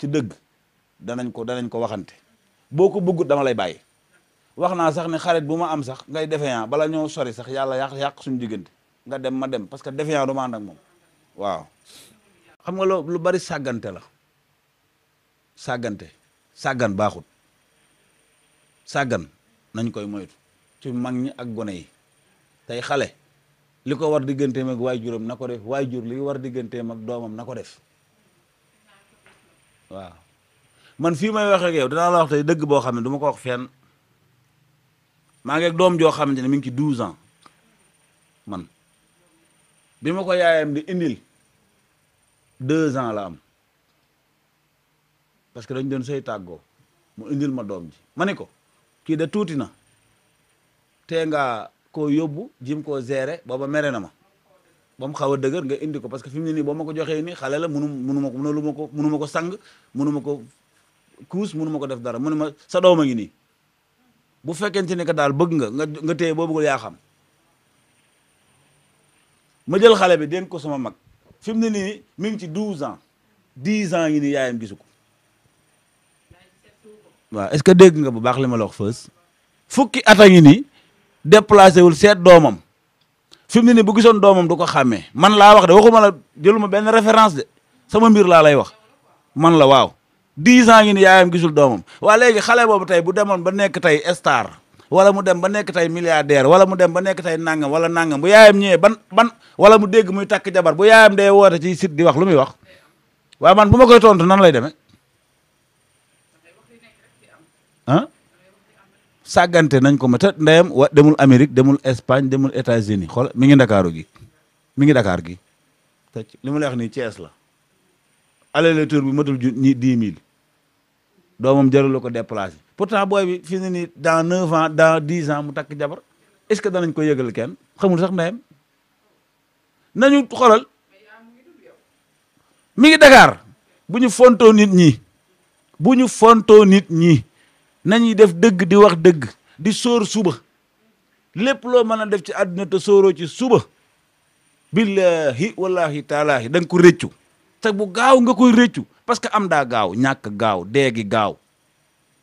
ci dëgg danañ ko danañ ko waxante boo ko bëggut dama lay bàyyi wax naa sax ne xarit bu ma am sax ngay defeyaan bala ñoo sori sax yàlla yàq yàq suñu diggante nga dem ma dem parce que defeyaan du ma ànd ak moom waaw xam nga loo lu bari sàggante la sàggante sàggan baaxut sàggan nañ koy moytu ci mag ñi ak gone yi tey xale li ko war digganteem ak waajuram na ko def waajur li war digganteem ak doomam na ko def waaw man fii may wax ak yow dinaa la wax tey dëgg boo xam ne du ma ko wax maa ngi ak doom joo xam ne mi ngi ci douze ans man bi ma ko yaayam di indil deux ans la am parce que dañ doon say tàggoo mu indil ma doom ji ma ne ko kii de tuuti na tee nga koo yóbbu jim koo gérer booba mere na ma ba mu xaw a dëgër nga indi ko parce que fi mu ne nii ma ko joxee nii xale la munu munu ma ko munu ma ko munu ma sang munu ma ko kuus munu ma ko def dara mu ma sa doom a ngi nii bu fekkente ne que daal bëgg nga nga nga téye boo bëggul yaa xam ma jël xale bi dénk ko sama mag fi mu ne nii mi ngi ci 12 ans 10 ans ngi nii yaayam gisu ko waaw est-ce que dégg nga bu baax li ma la wax fës fukki at a ngi nii déplacé wul seet doomam. fi mu ne nii bu gisoon doomam du ko xàmmee man laa wax de waxuma la jëluma benn référence de sama mbir laa lay wax man la waaw dix ans ngi ni yaayam gisul doomam waa léegi xale boobu tey bu demoon ba nekk tey star wala mu dem ba nekk tey milliardaire wala mu dem ba nekk tey nangam wala nangam bu yaayam ñëwee ban ban wala mu dégg muy takk jabar bu yaayam dee woote ci site di wax lu muy wax waa man bu ma koy tontu nan lay demee sàggante nañ ko ma te ndeyam wa demul Amérique demul Espagne demul États-Unis xool mi ngi ndakaaru gi mi ngi Dakar gi te li ma lay nii Thiès la aller-retour bi matul ju ñi dix mille doomam jarul la ko déplacé pourtant booy bi fi ni nii dans neuf ans dans dix ans mu takk jabar est-ce que danañ koy yëgal kenn xamul sax ndeyam nañu xoolal mi ngi Dakar bu ñu fontoo nit ñi bu ñu fonto nit ñi nañuy def dëgg di wax dëgg di soor suba lépp loo mën a def ci àdduna te sóoroo ci suba billahi wallahi taalaahi da nga ko rëccu te bu gaaw nga koy rëccu parce que am daa gaaw ñàkk gaaw deegi gaaw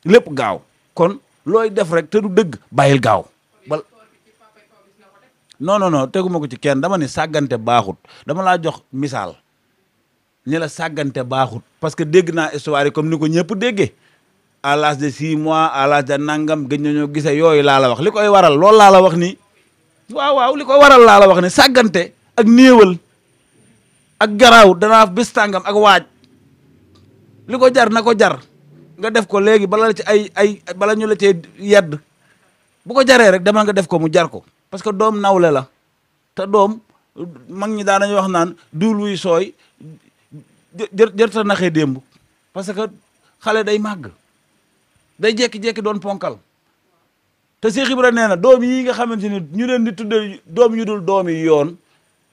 lépp gaaw kon looy def rek du dëgg bàyyil gaaw bal non non non teguma ko ci kenn dama ne sàggante baaxut dama laa jox misaal ni la sàggante baaxut parce que dégg naa histoire comme ni ko ñëpp déggee à l'âge de six mois à l'âge de nangam gëj nañoo gise yooyu laa la wax li koy waral loolu laa wax ni waaw waaw li koy waral laala wax ni sàggante ak néewal ak garaaw danaa bés tàngam ak waaj li ko jar na ko jar nga def ko léegi bala la ci ay ay bala ñu la cee bu ko jaree rek dama nga def ko mu jar ko parce que doom nawle la te doom mag ñi daan nañu wax naan duul wuy sooy jër jërta naxee démb parce que xale day màgg day jékki-jékki doon ponkal te Cheikh Ibra nee na doom yi nga xamante ni ñu leen di tuddee doom yu dul doom yi yoon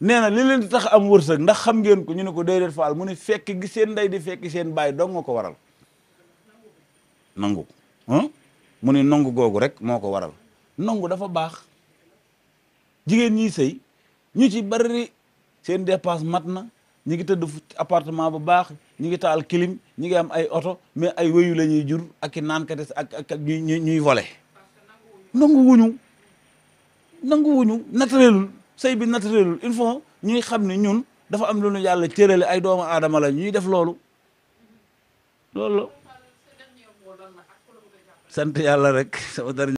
nee na li leen di tax am wërsëg ndax xam ngeen ko ñu ne ko déedéet faal mu ne fekk gi seen ndey di fekk seen baay dong ko waral nangu mu ne nangu googu rek moo ko waral nongu dafa baax jigéen ñi sëy ñu ci bari seen dépense mat na ñi ngi tëdd appartement bu baax ñi ngi taal clim ñi ngi am ay oto mais ay wéyu la ñuy jur ak i naankates ak ak ñuy ñuy volé nangu wuñu nangu wuñu naturelul sëy bi naturelul il faut ñuy xam ne ñun dafa am lu ñu yàlla cërale ay doomu aadama la ñuy def loolu loolu yàlla rek sama